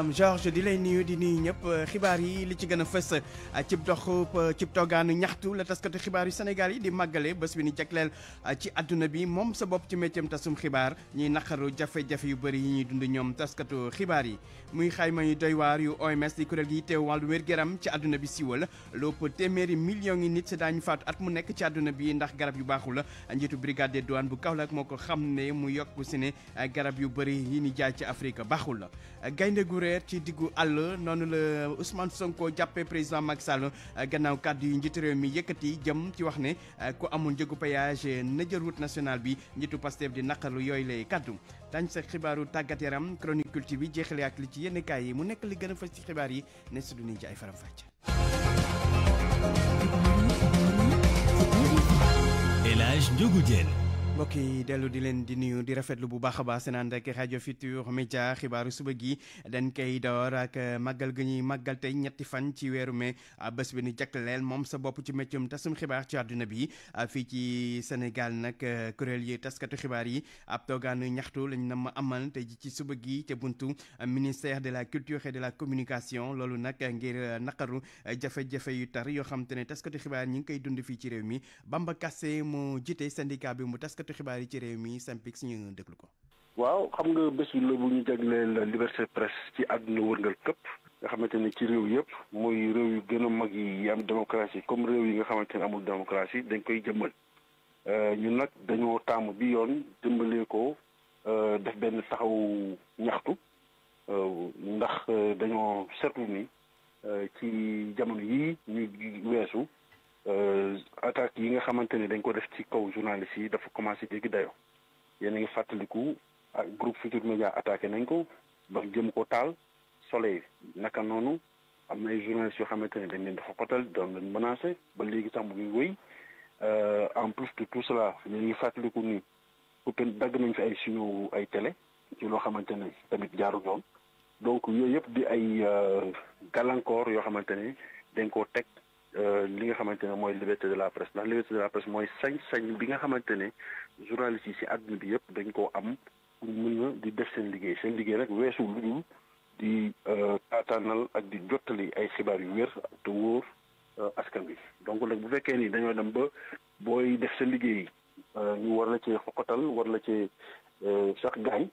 am Georges di lay nuyu di nuyu ñëpp euh, xibaar yi li ci gën a fës euh, cib dox euh, cib toogaanu ñaxtu la taskatu xibaar yu senegal yi di màggale bés bi ni jagleel ci àdduna bi moom sa bopp ci métier tasum xibaar ñuy naqaru jafe-jafe yu bëri yi ñuy dund ñoom taskatu xibaar yi muy xayma yu doy yu OMS di kuréel gi teew wàllu wér-gu-yaram ci àdduna bi siiwal lu ëpp téeméeri million yi nit si daañu faatu at mu nekk ci àdduna bi ndax garab yu baaxul njiitu brigade des douanes bu Kaolack moo ko xam ne mu yokk si ne garab yu bëri yi ni jaay ci Afrique baaxul reer ci diggu àll noonu la Ousmane Sonko jàppee président Macky Sall euh, gannaaw kàddu yu njiitu réew mi yëkkati jëm ci wax ne euh, ku amul njëgu péage na jël route nationale bi njiitu Pastef di naqarlu yooyu lay kàddu dañ sa xibaaru tàggat yaram chronique culture bi jeexale ak ci yenn yi mu nekk li gën a fës ci xibaar yi ne su du ci ay faram fàcc El Hadj mbokk dellu di leen di nuyu di rafetlu bu baax a baax seen ànd ak rajo Futurs Médias xibaaru suba gi dañ koy door ak euh, màggal gi ñuy màggal tey ñetti fan ci weeru mai euh, bés bi ni jagleel moom sa bopp ci méccum tasum xibaar ci àdduna bi euh, fii ci Sénégal nag kuréel yi taskatu xibaar yi ab toogaanu ñaxtu lañ na ma amal te ji ci suba gi te buntu ministère de la culture de la communication loolu nag ngir naqaru jafe-jafe yu tar yoo xam te ne taskatu xibaar ñi ngi koy dund fii ci réew mi Bamba Kassé mu jiite taskatu xibaar yi ci réew mi Sampix ñu déglu ko. waaw xam nga bés bi la bu ñu jagleel liberté presse ci àdduna wërngal këpp nga xamante ni ci réew yëpp mooy réew yu gën a mag yi am démocratie comme réew yi nga xamante ne amul démocratie dañ koy jëmmal euh, ñun nag dañoo taamu bi yoon jëmbalee ko euh, def benn taxaw ñaxtu euh, ndax dañoo seetlu ni ci jamono yii ñu weesu Euh, attaques yi nga xamante ne dañ ko def ci kaw journalistes yi dafa commencé jéggi dayo yéen a ngi fàttaliku ak groupe Futurs Médias attaqué nañ ko ba jëm ko taal soleil naka noonu am na ay journalistes yoo xamante ne dañ leen dafa xotal doon leen menacé ba léegi sax mu ngi wéy euh, en plus de tout cela yéen ngi fàttaliku ni coupé dagg nañ fi ay signaux ay tele ci loo xamante ne tamit jaarul donc yooyu yëpp di ay euh, gàllankoor yoo xamante ne dañ koo teg Euh, li nga xamante ne mooy liberté de la presse ndax liberté de la presse mooy sañ-sañ bi nga xamante ne journaliste yi ci àdduna bi yëpp dañ koo am pour mën a di def seen liggéey seen liggéey rek weesu lu dul di euh, taataanal ak di jottali ay xibaar yu wér te wóor euh, askan bi donc nag bu fekkee nii dañoo dem ba booy def sa liggéey ñu war la cee xoqatal war la cee sax gaañ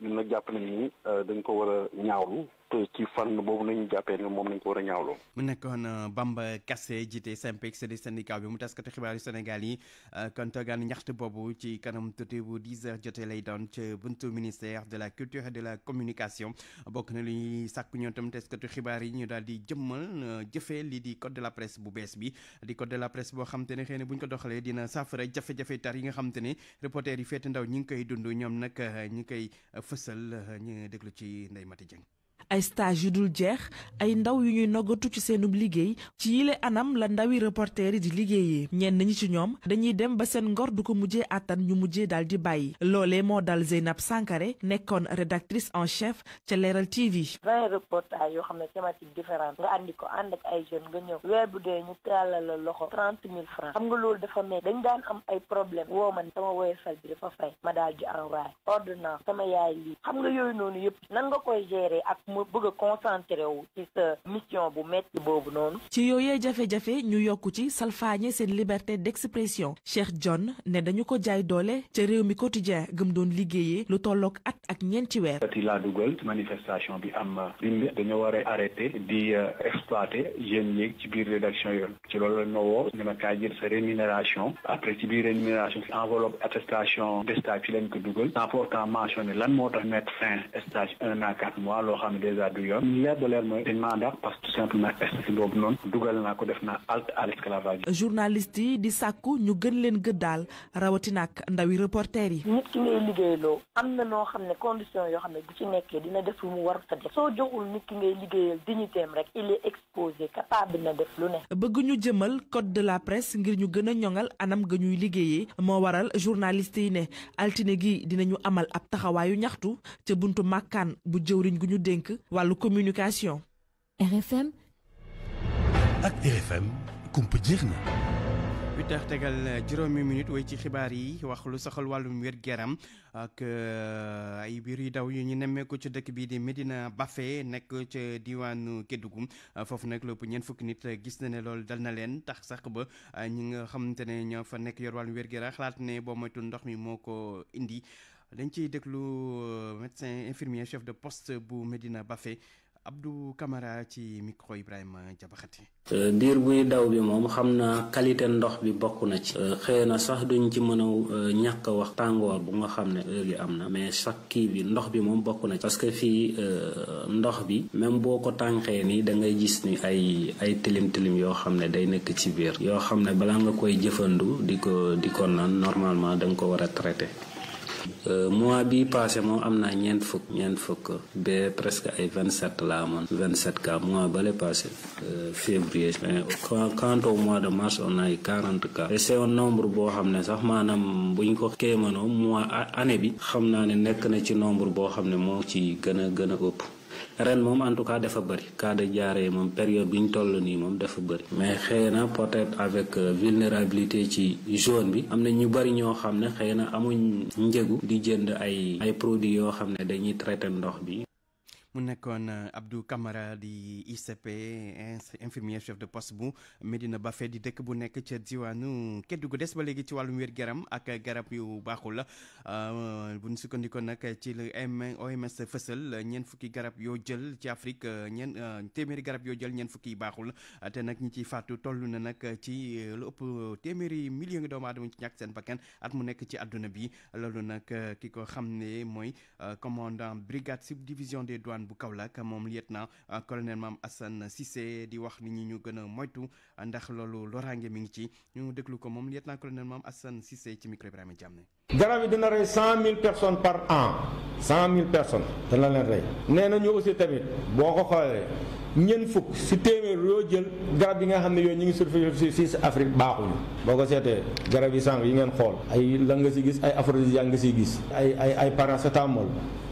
ñun nag jàpp nañ ni dañ ko war a ñaawlu ci fànn boobu nañu jàppee ne moom nañ ko war a ñaawloo mu nekkoon euh, Bamba Kassé jiite SYNPICS di syndicat bi mu xibaar xibaaru Sénégal yi euh, kon toogaan ñaxtu boobu ci kanam tuuti bu 10 heures jotee lay doon ci buntu ministère de la culture de la communication bokk na lu ñuy sàkku ñoom tam taskatu xibaar yi ñu daal di jëmmal euh, jëfee lii di code de la presse bu bees bi di code de la presse boo xam te ne xëy na bu ko doxalee dina saafara jafe-jafe tar yi nga xam te ne reporter yi ndaw ñi ngi koy dund ñoom nag ñi koy fësal ñu déglu ci Ndeye Mati Dieng ay stage yu dul jeex ay ndaw yu ñuy noggatu ci seenub liggéey ci yile anam la ndawi reporter yi di liggéeyee ñenn ñi ci ñoom dañuy dem ba seen ngor du ko mujjee àttan ñu mujjee daal di bàyyi loolee moo dal Zeynab Sankare nekkoon rédactrice en chef ca Leeral TV. vingt reportage yoo xam ne thématique différente nga andi ko ànd ak ay jeunes nga ñëw weer bu dee ñu tàllal la loxo trente mille francs xam nga loolu dafa mel dañ daan am ay problème woo ma ne sama woyofal ma daal mu bëgg a concentré ci sa mission bu metti boobu noonu. ci yooyee jafe-jafe ñu yokk ci salfaañe seen liberté d'expression Cheikh John ne dañu ko jaay doole ca réew mi quotidien gëm doon liggéeye lu tolloog at ak ñeenti weer. ati laa dugal manifestation bi am rimbi dañoo war a arrêté di euh, exploité jeunes yi ci biir rédaction yoon ci loolu la ñu woo ñu ma kaay jël sa rémunération après ci biir rémunération enveloppe attestation de stage ci lañ ko dugal en lan moo tax dèjà du yoon leer ba ko def naa halte yi di sàkku ñu gën leen gëddaal rawatina ak ndawi reporter yi nit ki ngay liggéeyloo am na noo xam ne condition yoo xam ne bu ci nekkee dina def lu mu war sa def soo joxul nit ki ngay liggéeyal dignitéem rek il est exposé capable na def lu ne bëgg jëmal code de la presse ngir ñu gën a ñoŋal anam ga ñuy liggéeyee moo waral journaliste yi ne altine gi dinañu amal ab taxawaayu ñaxtu ca buntu màkkaan bu jëwriñ gu ñu dénk wàllu communication. RFM. ak RFM kumpa jeex na. 8h tegal juróomi minute way ci xibaar yi wax lu soxal wàllum wér-gu-yaram ak euh, ay biir yu daw yu ñu nemmeeku ci dëkk bii di Medina Bafe nekk ca diwaanu Kédougou foofu nag lépp ñeent fukki nit gis na ne loolu dal na leen tax sax ba ñi nga xamante ne ñoo fa nekk yor wàllum wér-gu-yaram xalaat ne boo moytu ndox mi moo ko indi. dañ ciy déglu euh, médecin infirmier chef de poste bu Medina Bafé Abdou Camara ci micro Ibrahima Jabaxate euh, diir buy daw bi moom xam naa qualité ndox bi bokk na ci euh, xëy na sax duñ ci mën a ñàkk wax tàngoor bu nga xam ne am na mais chaque kii bi ndox bi moom bokk na parce que fii ndox bi même boo ko tànqee nii da ngay gis ni ay ay tilim tilim yoo xam ne day nekk ci biir yoo xam ne balaa nga koy jëfandu di ko di ko naan normalement da nga ko war a traité Euh, mois bi passé moom am naa ñeent fukk ñeent fukk ba presque ay vingt sept laa amoon vingt sept cas mois bale passé euh, février quant mois de mars on a ay quarante cas et c'est un nombre boo xam ne sax maanaam bu ñu ko kéemanoo mois année bi xam naa ne nekk na ci nombre boo xam ne moo ci gën a gën a ëpp ren moom en tout cas dafa bëri cas de diarrhée moom période bi ñu toll nii moom dafa bëri mais xëy na peut avec euh, vulnérabilité ci zone bi am na ñu bëri ñoo xam ne xëy na amuñ njëgu di jënd ay ay produits yoo xam ne dañuy traité ndox bi mu nekkoon euh, Abdou Camara di ICP infirmier chef de poste bu Medina Bafe di dëkk bu nekk ca diwaanu Kédougou des ba léegi ci wàllum wér-garam ak garab yu baaxul euh, bu ñu sukkandikoo nag ci le OMS fësal ñeent fukki garab yoo jël ci Afrique euh, ñeent téeméeri garab yoo jël ñeent fukki baaxul te nag ñi ciy faatu toll na nag ci lu ëpp téeméeri million ngi doomu aadama ci ñàkk seen bakkan at mu nekk ci àdduna bi loolu nag ki ko xam ne mooy commandant brigade bu Kaolack moom lieutenant euh, colonel Mame Assane Cissé di wax ni ñu gën a moytu ndax loolu loraange mi ngi ci ñu déglu ko moom lieutenant colonel Mame Assane Cissé ci micro Ibrahima Diamé. garab yi dina rey cent mille personnes par an cent mille personnes dana leen rey nee nañu aussi tamit boo ko xoolee. ñeent fukk si téeméer loo jël garab yi nga xam ne yooyu ñu ngi surfe si Afrique baaxuñu boo ko seetee garab yi sànq yi ngeen xool ay lan nga si gis ay aphrodisiaque nga si gis ay ay ay paracétamol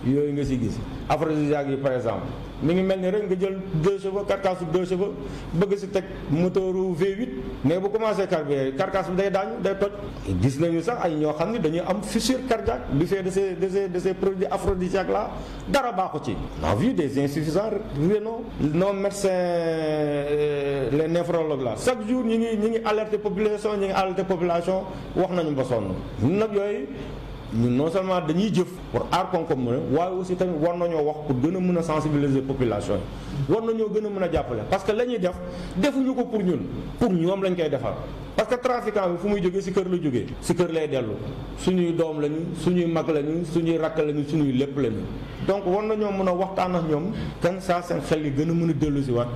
yooyu nga si gis aphrodisiaque yi par exemple mi ngi mel ni rek nga jël 2 chevaux carcasse bu 2 chevaux bëgg si teg moteur V8 mais bu commencé carburé carcasse bi day daañu day toj. gis nañu sax ay ñoo xam ne dañuy am fissure cardiaque du fait de ces de ces de ces produits aphrodisiaques là dara baaxu ci. on a vu des insuffisants rénaux nos médecins euh, les néphrologues là chaque jour ñi ngi ñi ngi alerter population ñi ngi alerter population wax nañu ba sonn nag yooyu. ñun non seulement dañuy jëf pour aar koom-koom mën waaye aussi tamit war nañoo wax pour gën a mën a sensibiliser population yi war nañoo gën a mën a jàppale parce que la def defuñu ko pour ñun pour ñoom lañu koy defal parce que trafiquant bi fu muy jógee si kër la jógee si kër lay dellu suñuy doom lañu suñuy mag lañu suñuy rakk lañu suñuy lépp lañu donc war nañoo mën a waxtaan ak ñoom kan saa seen xel yi gën a mën a dellu si waat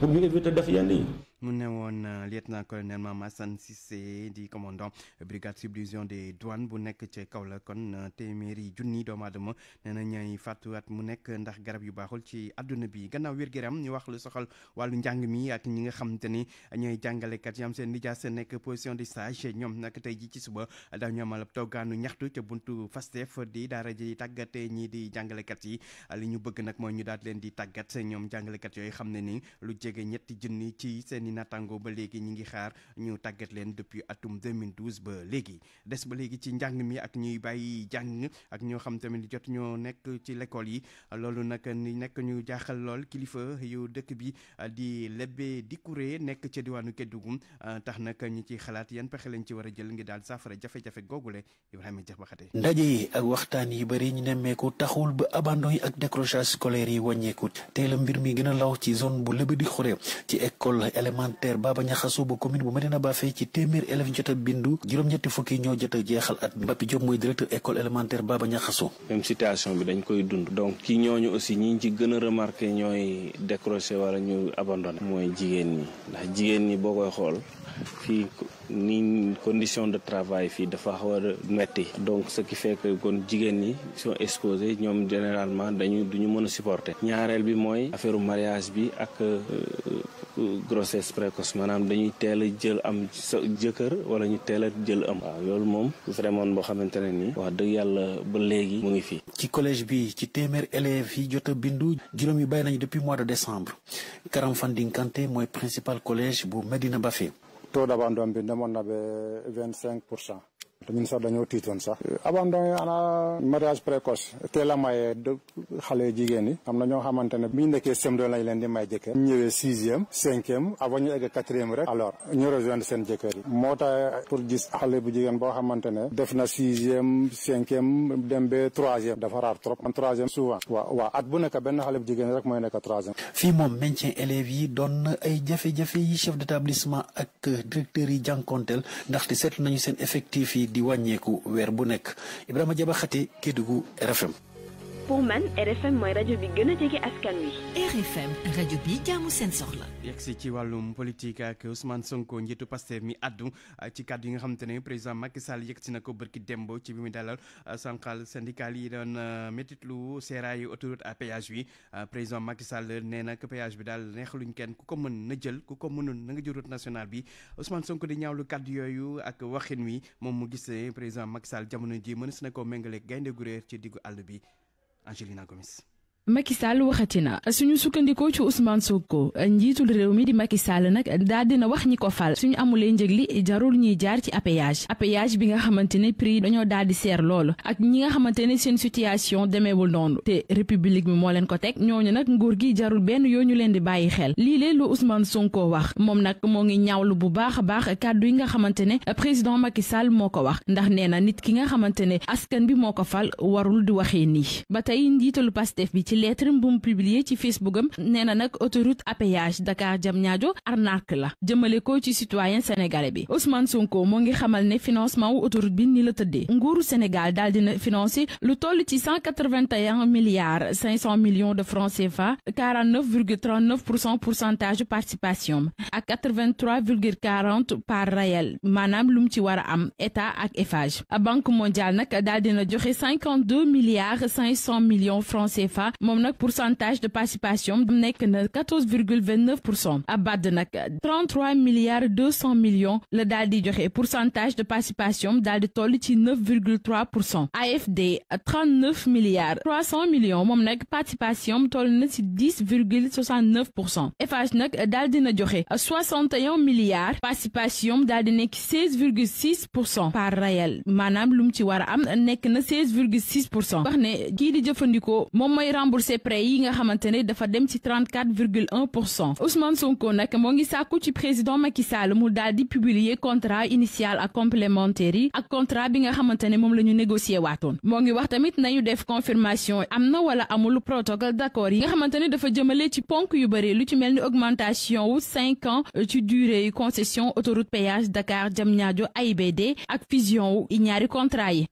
pour ñu éviter def yenn yi mu ne woon euh, lieutenant-colonel Mame Assane Cissé di commandant euh, brigade subdivision des douanes bu nekk ca Kaolack kon euh, téeméeri junni doomu aadama nee na ñooy fàttu at mu nekk ndax garab yu baaxul ci àdduna bi gannaaw wér-gu-yaram ñu wax lu soxal wàllu njàng mi ak ñi nga xamante ni ñooy jàngalekat yi seen seen lijaas nekk position de sage ñoom nag tey ji ci suba daañu amal ab toggaanu ñaxtu ca buntu Fastef di daara ji tàggate ñii di jàngalekat yi li ñu bëgg nag mooy ñu daal leen di tàggat ñoom jàngalekat yooyu xam ne ni lu jege ñetti junni seeni nattango ba léegi ñi ngi xaar ñu tàggat leen depuis atum 2012 ba léegi des ba léegi ci njàng mi ak ñuy bàyyi jàng ak ñoo xam tamit jot ñoo nekk ci lekkool yi loolu nag ni nekk ñu jaaxal lool kilifa yu dëkk bi di lebbe di kuré nekk ci diwaanu Kédougou tax nag ñu ci xalaat yan pexe lañ ci war jël ngi daal saafara jafe-jafe googule Ibrahima Jaxbaxate ndaje yi ak waxtaan yi bëri ñu nemmeeku taxul ba abandon yi ak décrochage scolaire yi wàññeekut tey mi a law ci élémentaire Baba Ñaxasu bu commune bu Medina Bafé ci téeméer élèves jot a bindu juróom-ñetti fukki ñoo jot a jeexal at mi Mbapi Diop mooy directeur école élémentaire Baba Ñaxasu même situation bi dañ koy dund donc ci ñooñu aussi ñi ci gën a remarqué ñooy décroché wala ñu abandonné mooy jigéen ñi ndax jigéen ñi boo koy xool fii ni condition de travail fii dafa xaw a metti donc ce qui fait kon jigéen ñi sont exposés ñoom généralement dañu duñu mën a supporter ñaareel bi mooy affaire mariage bi ak euh, grossesse précoce maanaam dañuy teel a jël am sa jëkkër wala ñu teel a jël am. waaw loolu moom vraiment boo xamante ne nii. wax dëgg yàlla ba léegi mu ngi fii ci collège bi ci téeméer élèves yi jot a bindu juróom yi bàyyi nañu depuis mois de décembre Karam Fanding Kanté mooy principal collège bu Medina Bafé. taux d'abandon ba vingt te ñun sax dañoo tiitoon sax. abandon ana mariage précoce teel maye xale jigéen yi am na ñoo xamante ne bu nekkee CM2 lañ leen di may jëkkër ñu ñëwee sixième cinquième avant ñu egg rek alors ñu rejoindre seen jëkkër yi moo tax pour gis xale bu jigéen boo xamante ne def na sixième cinquième dem ba troisième dafa raar trop man troisième souvent waaw waaw at bu nekk benn xale bu jigéen rek mooy nekk troisième fii moom maintien élèves yi doon na ay jafe-jafe yi chef d'établissement ak yi jànkonteel ndaxte seetlu nañu di wàññeeku weer bu nekk Ibrahima Jabaxate Kédougou RFM pour man RFM mooy rajo bi gën a jege askan wi. RFM rajo bi jaamu seen soxla. yegsi ci wàllum politique ak Ousmane Sonko njiitu Pastef mi addu ah, ci kàddu yi nga xamante ne président Macky Sall yegsi na ko bërki dembo ci bi mu dalal ah, sànqal syndical yi doon ah, métitlu seeraayu autoroute à péage bi président Macky Sall nee na que péage bi daal neexaluñ kenn ku ko mën na jël ku ko mënul na nga national bi Ousmane Sonko di ñaawlu kàddu yooyu ak waxin wi moom mu gis président Macky Sall jamono ji mënees na koo méngale gaynde gu réer ci diggu àll bi. Angelina Gomis. Macky Sall waxati na suñu sukkandikoo ci Ousmane Sonko njiitul réew mi di Macky Sall nag daal dina wax ñi ko fal suñu amulee njëg li jarul ñuy jaar ci apéage apéage bi nga xamante ne prix dañoo daal di seer lool ak ñi nga xamante ne seen situation demeewul noonu te république mi moo leen ko teg ñooñu nag nguur gi jarul benn yoo ñu leen di bàyyi xel lii lee lu Ousmane Sonko wax moom nag moo ngi ñaawlu bu baax a baax kàddu yi nga xamante ne président Macky Sall moo ko wax ndax nee na nit ki nga xamante ne askan bi moo ko fal warul di waxee nii lettre bu mu publier ci facebook am nee na nag autoroute à péage Dakar Diamniadio arnaque la jëmale ko ci citoyen sénégalais bi Ousmane Sonko moo ngi xamal ne financement wu autoroute bi ni la tëddee nguuru Sénégal daal dina financer lu toll ci cent quatre-vingt-un milliards cinq cent millions de francs CFA quarante-neuf virgule trente-neuf pour cent pourcentage participation ak quatre-vingt-trois virgule quarante par réel maanaam lu mu ci war a am état ak Eiffage banque mondiale nag daal dina joxe cinquante-deux milliards cinq cent millions francs fa moom nag pourcentage de participation nekk na 14,29 pour cent Abad nag 33 milliards 200 millions la daal di joxe pourcentage de participation daal di toll ci 9,3 pour cent AFD 39 milliards 300 millions moom nag participation toll na ci 10,69 pour cent Eiffage nag daal dina joxe 61 milliards participation daal di nekk 16,6 pour cent par réel maanaam lu mu ci war a am nekk na 16,6 pour cent wax ne kii di jëfandikoo moom mooy rembourser remboursé prêt yi nga xamante ne dafa dem ci 34 virgule 1 pour cent Ousmane Sonko nag moo ngi sàkku ci président Macky Sall mu dal di publier contrat initial ak complémentaire yi ak contrat bi nga xamante ne moom la ñu négocié waatoon moo ngi wax tamit nañu def confirmation am na wala amul protocole d'accord yi nga xamante ne dafa jëmale ci ponk yu bëri lu ci mel ni augmentation wu cinq ans ci durée yu concession autoroute péage Dakar Diamniadio AIBD ak fusion wu ñaari contrat yi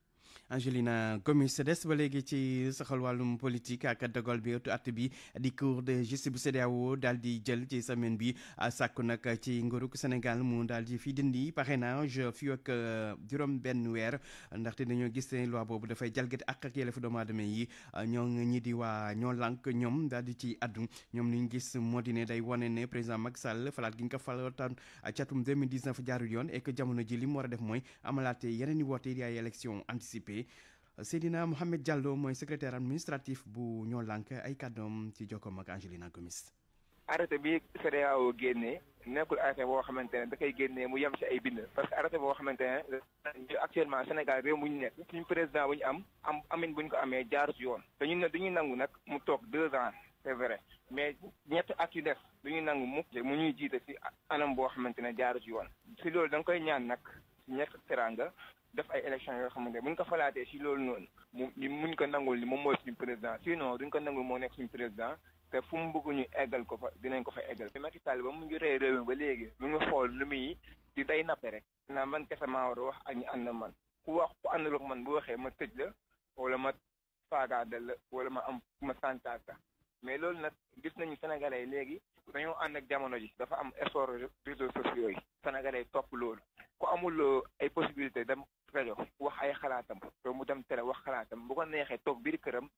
Angelina Gomis des ba léegi ci soxal wàllum politique ak dogal bi ëttu at bi di cour de justice bu CEDEAO daal di jël ci semaine bi euh, sàkku nag ci nguurug Sénégal mu daal di fi dindi parrainage fii ak euh, juróom benn weer ndaxte dañoo gis ne loi boobu dafay jalgati ak ak yelleefu doomu aadama yi euh, ñoo ñi di waa ñoo lànk ñoom daal di ci addu ñoom nu ñu gis moo day wane ne président Macky Sall falaat gi nga ko falatan catum jaarul yoon et que jamono ji li war a def mooy amalaate yeneen i woote yaay élection yi Seydina Mohamed Diallo mooy secrétaire administratif bu ñoo lànk ay kàddoom ci jokkoom ak Angelina Gomis. arrêté bi CEDEAO génnee nekkul arrêté boo xamante ne da koy génnee mu yem ci ay bind parce que arrêté boo xamante ne ñu actuellement Sénégal réew mu ñu nekk suñu président bu ñu am am amin bu ñu ko amee jaar yoon dañu ne dañuy nangu nag mu toog deux ans c'est mais ñett at yu def dañuy nangu mu mu ñuy jiite ci anam boo xamante ne jaar ci yoon ci loolu da koy def ay élection yoo xamante ne buñ ko falaatee si loolu noonu mu ñu ko nangul moom mooy suñu président sinon duñ ko nangul moo nekk suñu président te fu mu bëgg ñu ko fa dinañ ko fa eggal Macky Sall ba mu ngi rey réew mi ba léegi mu ngi xool lu muy di day nappe rek naa man kese maa war a wax ak ñu ànd man ku wax ku àndaloo man bu waxee ma tëj la wala ma faagaadal la wala ma am ma santaat la mais loolu nag gis nañu sénégalais yi léegi dañoo ànd ak jamono ji dafa am effort réseaux sociaux yi sénégalais yi topp loolu ku amul euh, ay possibilité dem rajo wax ay xalaatam te mu dem télé wax xalaatam bu ko neexee toog biir këram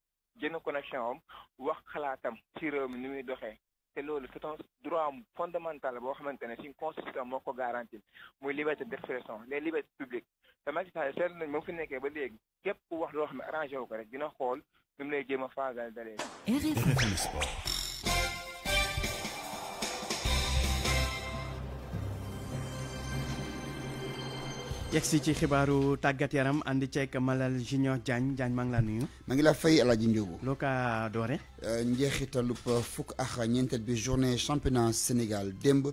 jënd connexion am wax xalaatam ci réew mi ni muy doxee te loolu c'est un droit fondamental boo xamante ne suñ constitution moo ko garanti muy liberté d'expression les libertés publiques te Macky Sall seetlu nañ moom fi nekkee ba léegi képp ku wax loo xam ne arrangé wu ko rek dina xool nu mu lay a faagaal dalee yegsi ci xibaaru tàggat yaram andi ceek Malal Junior Diagne Diagne maa ngi laa ngi laa fay El Hadj Ndiobo. loo ka doore. Euh, fukk ak ñeenteel bi journée championnat Sénégal démb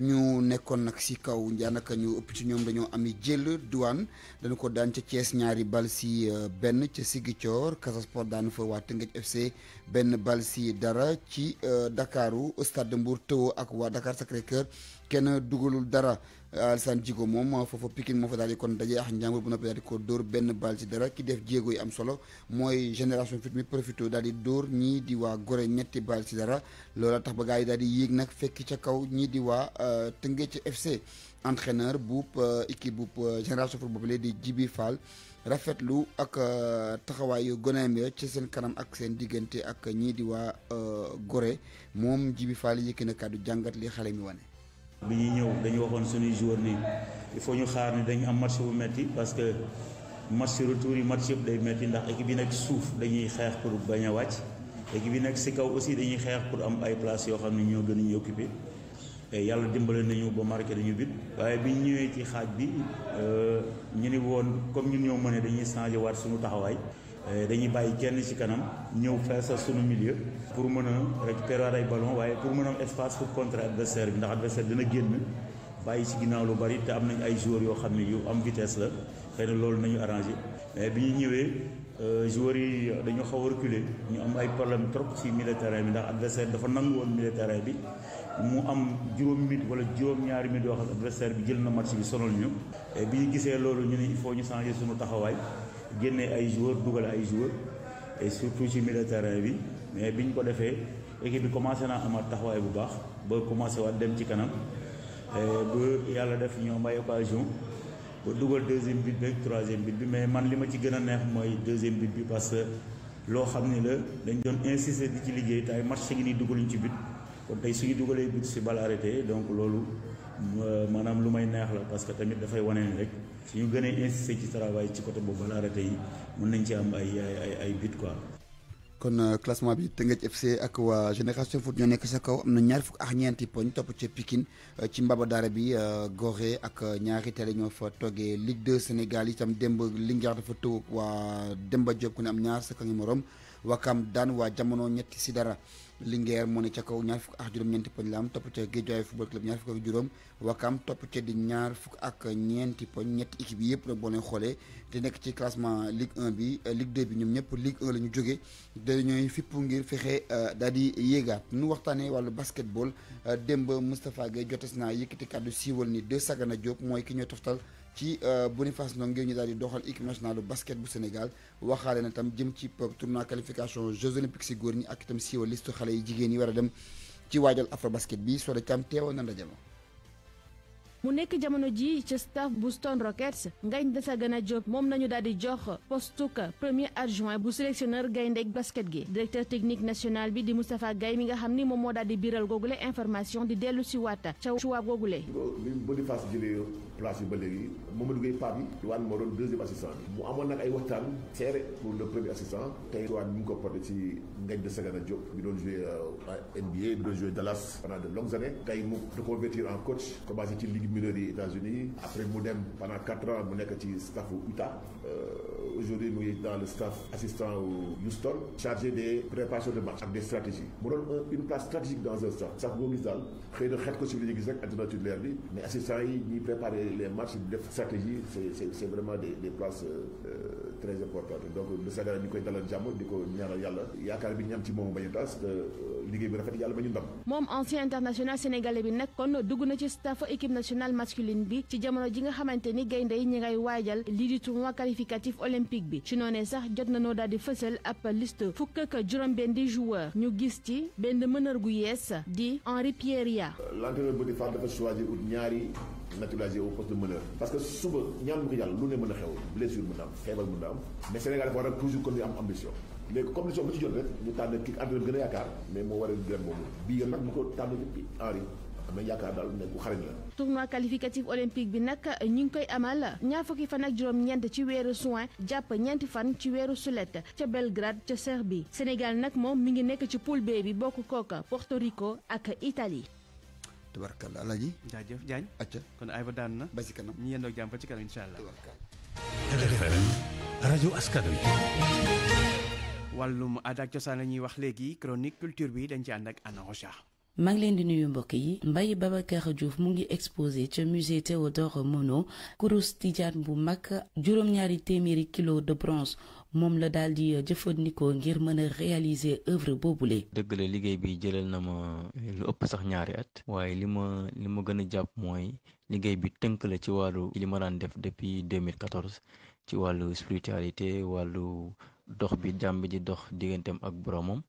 ñu nekkoon nag si kaw daanaka ñu ëpp ci ñoom dañoo ami jël douane dañu ko daan ca Thiès ñaari bal si euh, benn ca Ziguinchor Casa Sport daan fa waa Teungueth FC benn bal si dara ci euh, Dakaru Stade de Mbour tëwoo ak waa Dakar Sacré-Cœur kenn dugalul dara. Alassane jigo moom foofa Pikine moo fa daal di kon daje ak njàngoor bu noppi daal di ko dóor benn bal ci dara ki def jéego yi am solo mooy génération fit mi profité daal di dóor ñii di waa Gorée ñetti bal ci dara loola tax ba gars yi daal di yéeg nag fekki ca kaw ñii di waa Teungueth FC entraîneur bu euh, équipe bu euh, génération foot boobu di Djibi Fall rafetlu ak euh, taxawaayu goneem ya ci seen kanam ak seen diggante ak ñii di waa Gorée moom Djibi Fall yëkki na kàddu jàngat li xale mi wane. bi ñuy ñëw dañu waxoon suñu joueur nii il faut ñu xaar ni dañu am match bu metti parce que match retour yi match yëpp day metti ndax équipe yi nekk suuf dañuy xeex pour bañ a wàcc équipe yi nekk si kaw aussi dañuy xeex pour am ay place yoo xam ne ñoo gën a ñu occupé et yàlla dimbale nañu ba marqué nañu but waaye bi ñu ñëwee ci xaaj bi euh, ñu ni woon comme ñun ñoo mënee dañuy changé waat suñu taxawaay Eh, dañuy bàyyi kenn ci kanam ñëw feesal sunu milieu pour mën a récupérer ay ballon waaye pour mën a am espace pour contrer adversaire bi ndax adversaire dina génn bàyyi ci ginnaaw lu bari te am nañ ay joueurs yoo xam ne yu am vitesse la xëy loolu nañu arrangé mais eh, bi ñu ñëwee euh, joueurs yi dañu xaw a reculer ñu am ay problème trop ci milieu terrain bi ndax adversaire dafa nangu woon milieu terrain bi mu am juróom minute wala juróom ñaari minute yoo xam adversaire bi jël na match bi sonal ñu eh, bi ñu gisee loolu ñu ne ñu changer sunu taxawaay génne ay jour dugal ay joueur et surtout ci milieu terrain bi mais biñ ko defee équipe bi commencé naa amaat taxawaay bu baax ba commencé waat dem ci kanam ba yàlla def ñoo may occasion ba dugal deuxième but bi ak troisième bi mais man li ma ci gën a neex mooy deuxième but bi parce que loo xam ne la dañ doon insister di ci liggéey te ay match ngi nii dugaluñ ci but kon tey suñu dugalee but si balle arrêtée donc loolu euh, maanaam lu may neex la parce que tamit dafay wane ni rek su ñu gënee insister ci travail ci côté boobu balaa raté yi mën nañ ci am ay ay ay but kon euh, classement bi te Teungueth FC ak waa Génération Foot ñoo nekk sa kaw am na ñaar fukk ak ñeenti poñ topp ca pikin euh, ci mbaba daara bi euh, Gorée ak ñaari télé ñoo fa toggee lig 2 Sénégal itam démb Linguère dafa tëw waa Demba Diop ku ne am ñaar sa kaw ngi morom Wakam daan waa jamono ñetti si dara. Linguère moo ne ca kaw ñaar fukk ak juróom-ñeenti poñ la am topp ca Guédiawaye football club ñaar fukk ak juróom Wakam topp ca di ñaar fukk ak ñeenti poñ ñetti équipe yi yëpp nag boo leen xoolee di nekk ci classement Ligue 1 bi euh, Ligue 2 bi ñoom ñëpp Ligue 1 la ñu jógee dañooy fipp ngir fexe euh, daal di yéegaat nu waxtaanee wàllu basketball euh, démb Moustapha Gueye jotes naa yëkkati kàddu siiwal ni de Sagana jóg mooy ki ñoo toftal ci euh, Boniface Ndongue ñu daal di doxal équipe nationale basket bu Sénégal waxaale na tam jëm ci euh, tournoi qualification Jeux olympiques si góor ñi ak itam siiwa liste xale yi jigéen ñi war a dem ci waajal afro basket bi soo de cam teewoon na ndaje ma mu nekk jamono ji ca staff bu Stone Rockets Ngagne Desagana Diop moom nañu daal di jox postu premier adjoint bu sélectionneur gayndeek basket gi directeur technique national bi di Moustapha Gaye mi nga xam ni moom moo daal di biiral googule information di dellu si waata ca choix googule bi Boniface jëlee place yi ba léegi Mamadou Gueye Pape yi waan moo doon deuxième assistant mu amoon nag ay waxtaan seere pour le premier assistant tey ci Ngagne mu reconvertir euh, Ligue mineure yi États-Unis après mu dem pendant quatre ans mu nekk ci staffu Utah euh, aujourd'hui mu ngi dans le staff assistant au Houston chargé des préparations de match ak de stratégies mu doon une place stratégique dans un staff staff gis daal xëy xeet ko si li ñu gis rek entraîneur titulaire bi mais assistant yi ñuy préparer les matchs di def stratégie c'est c'est c'est vraiment des des euh, très importantes donc le ñu koy dalal jàmm di ko ñaanal yàlla yaakaar bi ñu liggéey bi rafet yàlla ma ñu ndam moom ancien international sénégalais bi nag kon dugg na ci staff équipe nationale masculine bi ci jamono ji nga xamante ni gaynde yi ñi ngay waajal lii di tournoi qualificatif olympique bi ci noonee sax jot na noo daal fësal ab liste fukk ak juróom-benn di joueur ñu gis ci benn meneur gu yees di Henri Pierre euh, l'entraîneur Bodi Fall dafa choisir ut ñaari suba ñaan bu ko yàlla lu ne mën a xew blessure mën am feebar mën am mais Sénégal a toujours continuer léegi comme émission bi ci jot rek ñu tànn kii ànd a yaakaar mais moo waral olympique bi nag ñu ngi koy amal ñaa fukki fan ak juróom-ñeent ci weeru juin jàpp ñeenti fan ci weeru sulet ca Belgrade ca Serbie senegal nag moom mi ngi nekk ci poule bi bokk kooka Porto Rico ak Italie. tabarkalla Alaaji. jaajëf Diagne. acca kon aywa daan na. ba ci kanam ñu yendoo jàmm ci kanam incha allah. rajo askan wi. wàllum aada cosaan la ñuy wax léegi chronique culture bi dañ ci ànd ak Anna leen di nuyu mbokk yi Mbaye Babacar Diouf mu ngi exposé ca musée Théodore Monod kurus tijaan bu mag juróom-ñaari téeméeri kilo de bronze moom la daal di jëfandikoo ngir mën a réaliser œuvre boobule. dëgg la liggéey bi jëlal na ma lu ëpp sax ñaari at waaye li ma li ma gën a jàpp mooy liggéey bi tënk la ci wàllu li ma daan def depuis 2014 ci wàllu spiritualité wàllu. dox bi jàmm bi di dox digganteem ak boromam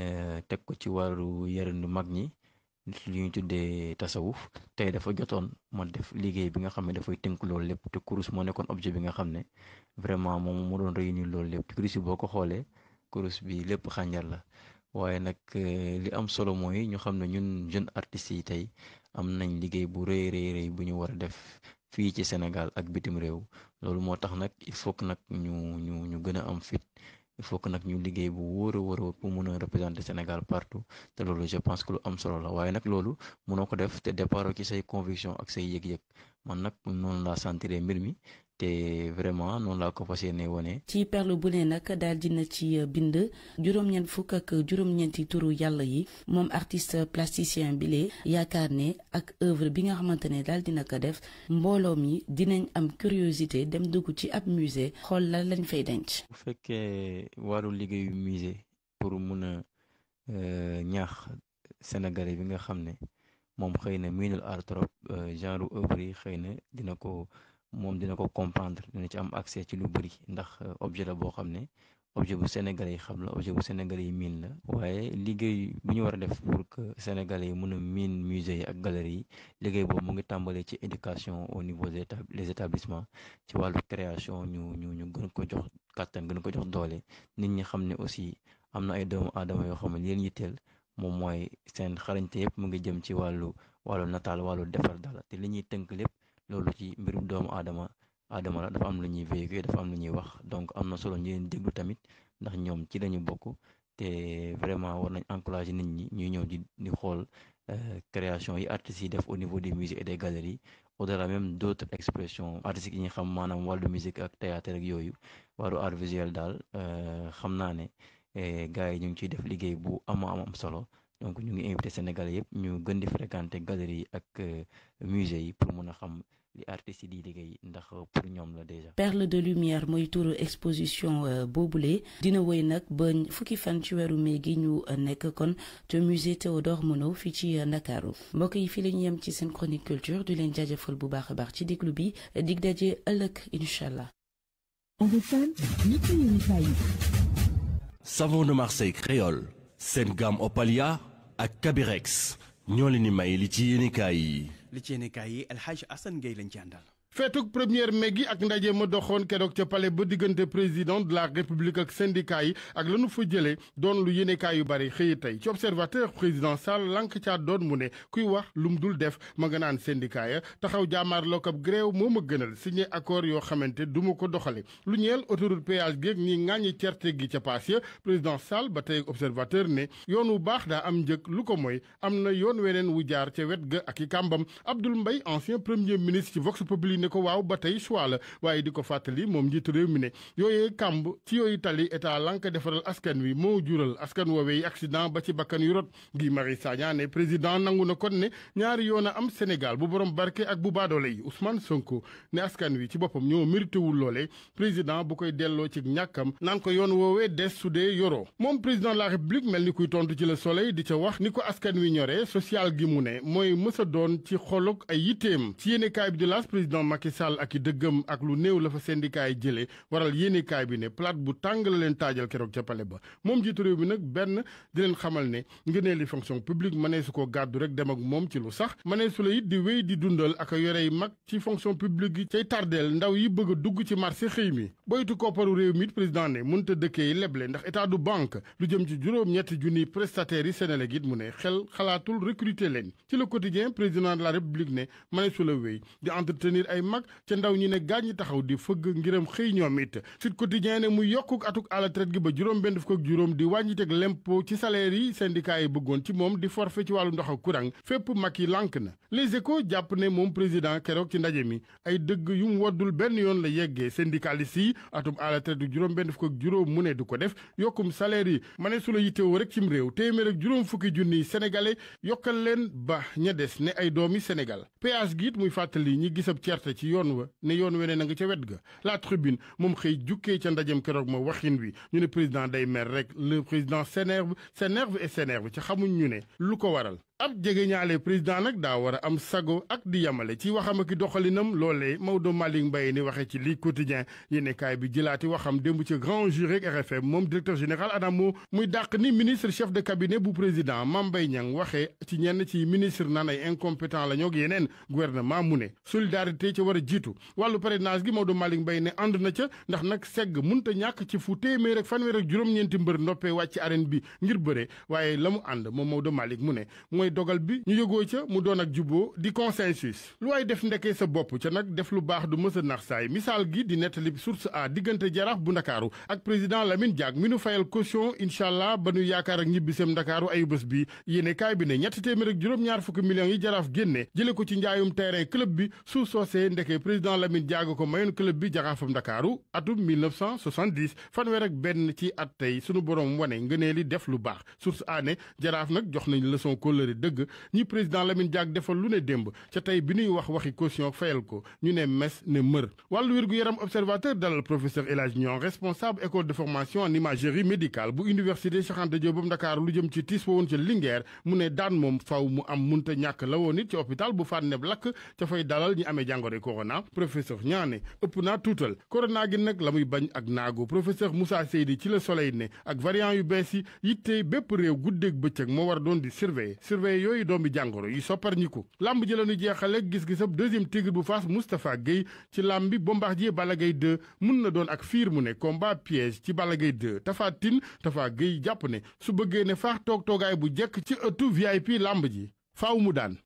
eh, teg ko ci wàllu yarandu mag ñi li ñu tuddee tasawuf tey dafa jotoon ma def liggéey bi nga xam ne dafay tënk loolu lépp te kurus moo nekkoon objet bi nga xam ne vraiment moom moo doon ñu loolu lépp kurus boo ko xoolee kurus bi lépp xànjar la waaye nag eh, li am solo mooy ñu xam ne ñun jeune artistes yi tey am nañ liggéey bu rëy rëy rëy bu ñu war a def fii ci Sénégal ak bitim réew loolu moo tax nag il faut que nag ñu ñu ñu gën a am fit il faut que nag ñu liggéey bu wóor a wóor pour mun a représenter Sénégal partout te loolu je pense que lu am solo la waaye nag loolu munoo ko def te départ ci say conviction ak say yëg-yëg man nag noonu laa sentir mbir mi te vraiment noonu laa ko fas yéene wone ci perle bu ne nag daal dina ci euh, bind juróom-ñeent ñeenti turu yàlla yi moom artiste plasticien bi lee yaakaar ne ak œuvre bi nga xamante ne daal dina ko def mbooloo mi dinañ am curiosité dem dugg ci ab musée xool la lañ fay denc. bu fekkee wàllu liggéeyu musée pour mun a euh, ñaax sénégalais bi nga xam ne moom xëy na miinul art trop euh, genre œuvre yi xëy na dina ko. moom dina ko comprendre dina ci am accès ci lu bëri ndax euh, objet boo xam ne objet bu Sénégalais yi xam la objet bu Sénégalais yi miin la waaye liggéey bu ñu war a def pour que Sénégalais yi mën a miin musée yi ak galerie yi liggéey boobu mu ngi tàmbalee ci éducation au niveau des les établissements ci wàllu création ñu ñu ñu gën ko jox kàttan gën ko jox doole nit ñi xam ne aussi am na ay doomu aadama yoo xam ne leen yitteel moom mooy seen xarañte yëpp mu ngi jëm ci wàllu wàllu nataal wàllu defar dara te li ñuy tënk lépp loolu ci mbirum doomu aadama aadama dafa am lu ñuy véhiculer dafa am lu ñuy wax donc am na solo ñu leen tamit ndax ñoom ci lañu bokk te vraiment war nañ encourager nit ñi ñuy ñëw di di xool euh, création yi artistes yi def au niveau des musées et des galeries au-delà même d'autres expressions artistiques yi ñu xam maanaam wàllu musique ak théâtre ak yooyu wàllu art visuel daal euh, xam naa ne eh, gars yi ñu ngi ciy def liggéey bu ama am am solo donc ñu ngi invité Sénégalais yëpp ñu gën di fréquenter galerie yi ak euh, musée yi pour mën a xam li artistes yi di liggéey ndax pour ñoom la déjà. perle de lumière mooy turu exposition euh, boobule dina woy nag ba fukki fan ci weeru mai gi ñu euh, nekk kon te musée Théodore Monod fii ci Ndakaaru mbokk yi fii la ñu ci seen chronique culture di leen jaajëfal bu baax baax ci diglu bi dig daje ëllëg incha allah. Savon de Marseille Seen gamme ak Kabirex ñoo leen di may li ci yéenekaay yi. li ci yéenekaay yi El Hadj Assane Gueye lañ ci àndal. feetuk premier mai gi ak ndaje ma doxoon keroog ca pale ba diggante président de la république ak syndicat yi ak lanu fa jëlee doon lu yéenekaay yu bari xëyi tey ci observateur président Sall lank caa doon mu ne kuy wax lu mu dul def ma nga naan syndicat ya taxaw jaamaarlook ab gréew moo ma gënal signé accord yoo xamante du ma ko doxale lu ñeel autoroute péage géeg ñi ŋàññi certe gi ca paas ya président Sall ba tey observateur ne yoon wu baax daa am njëkk lu ko mooy am na yoon weneen wu jaar ca wet ga ak i kàmbam Abdoul Mbaye ancien premier ministre ci Vox Populi ne ko waaw ba tey choix waaye di ko fàttali moom njiitu réew mi ne yooyee kàmb ci yooyu tali état lank defaral askan wi moo jural askan woowee accident ba ci bakkan yu rot gi Marie Sagna ne président nangu na kon ne ñaari yoon a am Sénégal bu borom barke ak bu baadoole yi Ousmane Sonko ne askan wi ci boppam ñoo méritéwul loole président bu koy delloo ci ñàkkam naan ko yoon woowee des sudee yoro moom président de la république mel ni kuy tontu ci le soleil di ca wax ni ko askan wi ñoree social gi mu ne mooy mës doon ci xolog Macky Sall ak i dëggam ak lu néew la fa syndicat yi jëlee waral yéenekaay bi ne plate bu tàng la leen taajal keroog ca pale ba moom jiitu réew mi nag benn di leen xamal ne ngëneeli fonction publique mëneesu ko gàddu rek dem moom ci lu sax mëneesu la it di wéy di dundal ak yi mag ci fonction publique yi cay tardeel ndaw yi bëgg dugg ci marché xëy mi boytu kopparu réew mi président ne mënta dëkkee yi leble ndax état du banque lu jëm ci juróom-ñetti junniy prestataires yi Sénégal it mu ne xel xalaatul recruter leen ci la république ne mëneesu la wéy di entretenir mag ca ndaw ñi ne gaañ taxaw di fëgg ngiram xëy ñoom it Sud Quotidien ne mu yokkuk atuk à gi ba juróom benn fukk ak juróom di wàññi teg lempo ci salaire yi syndicat yi bëggoon ci moom di forfe ci wàllu ndox ak kurang fépp mag yi lànk na Les ko jàpp ne moom président keroog ci ndaje mi ay dëgg yu mu waddul benn yoon la yeggee syndicaliste yi atum à la du juróom benn fukk ak juróom mu ne du ko def yokkum salaire yi ma ne su la yittewoo rek cim réew téeméer juróom fukki junniy sénégalais yokkal leen ba ña ne ay doomi Sénégal péage gi it muy fàttali ñi gisab certe ci yoon wa ne yoon weneen a nga ca wet ga laat tribune moom xëy jukkee ca ndajem keroog ma waxin wi ñu ne président day mer rek le président s'énerve s'énerve et s'énerve ci xamuñ ñu ne lu ko waral ab jege ñaale président nag daa war a am sago ak di yamale ci waxam ak doxalinam loolee Maodo Malick mbay ni waxee ci lii quotidien yéenekaay bi jëlaati waxam démb ci grand jury RFM moom directeur général Adamo muy dàq ni ministre chef de cabinet bu président Mame Mbaye Niang waxe ci ñenn ci ministre naan ay incompétent la ñoo ak yeneen gouvernement mu ne solidarité ci war a jiitu wàllu parrainage gi Maodo Malick mbay ne ànd na ca ndax nag segg munta ñàkk ci fu téeméer ak fanweer ak juróom-ñeenti mbër ndoppee wàcc arène bi ngir bëre waaye la ànd moom Maodo Malick mu ne mooy dogal bi ñu yëgoo ca mu doon def lu baax du mës a nax saay misaal di nettali source a diggante jaraaf bu ndakaaru ak président Lamine Diack mi nu fayal caution incha allah ba nu yaakaar ak ñibbiseem ndakaaru ayu bi yéene kaay bi ne ñetti ñaar fukki millions yi jaraaf génne jële ko ci njaayum terrain club bi soosee ndekee président Lamine Diack ko mayoon club bi jaraafam ndakaaru atum 1970 fanweer ak benn ci at tey sunu borom wane ngënee def lu baax source a ne jaraaf nag jox nañ leçon kóllëre waxante dëgg ñi président Lamine Diack defal lu ne démb ca tey bi ñuy wax waxi caution fayal ko ñu ne mes ne mër wàllu wér yaram observateur dalal professeur El Hadj Niang responsable de formation en imagerie médicale bu université Cheikh Anta Diop lu jëm ci tiis ba woon ca Linguère mu ne daan moom faw mu am munta ñàkk la woon it ci hôpital bu Fànneb lakk ca fay dalal ñi amee jàngoro corona professeur ñaane ëpp naa tuutal corona gi nag la surveiller yooyu doom bi jàngoro yi sopparñiku làmb ji la lañu jeexale gis-gisab deuxième tigre bu Fass Moustapha Gueye ci làmbi bombax Bombardier bala Gaye 2 mun na doon ak fiir mu ne combat piège ci bala Gaye 2 Tapha Tine Tapha Gueye jàpp ne su bëggee ne faax toog toogaay bu jekk ci ëttu VIP làmb ji faaw mu daan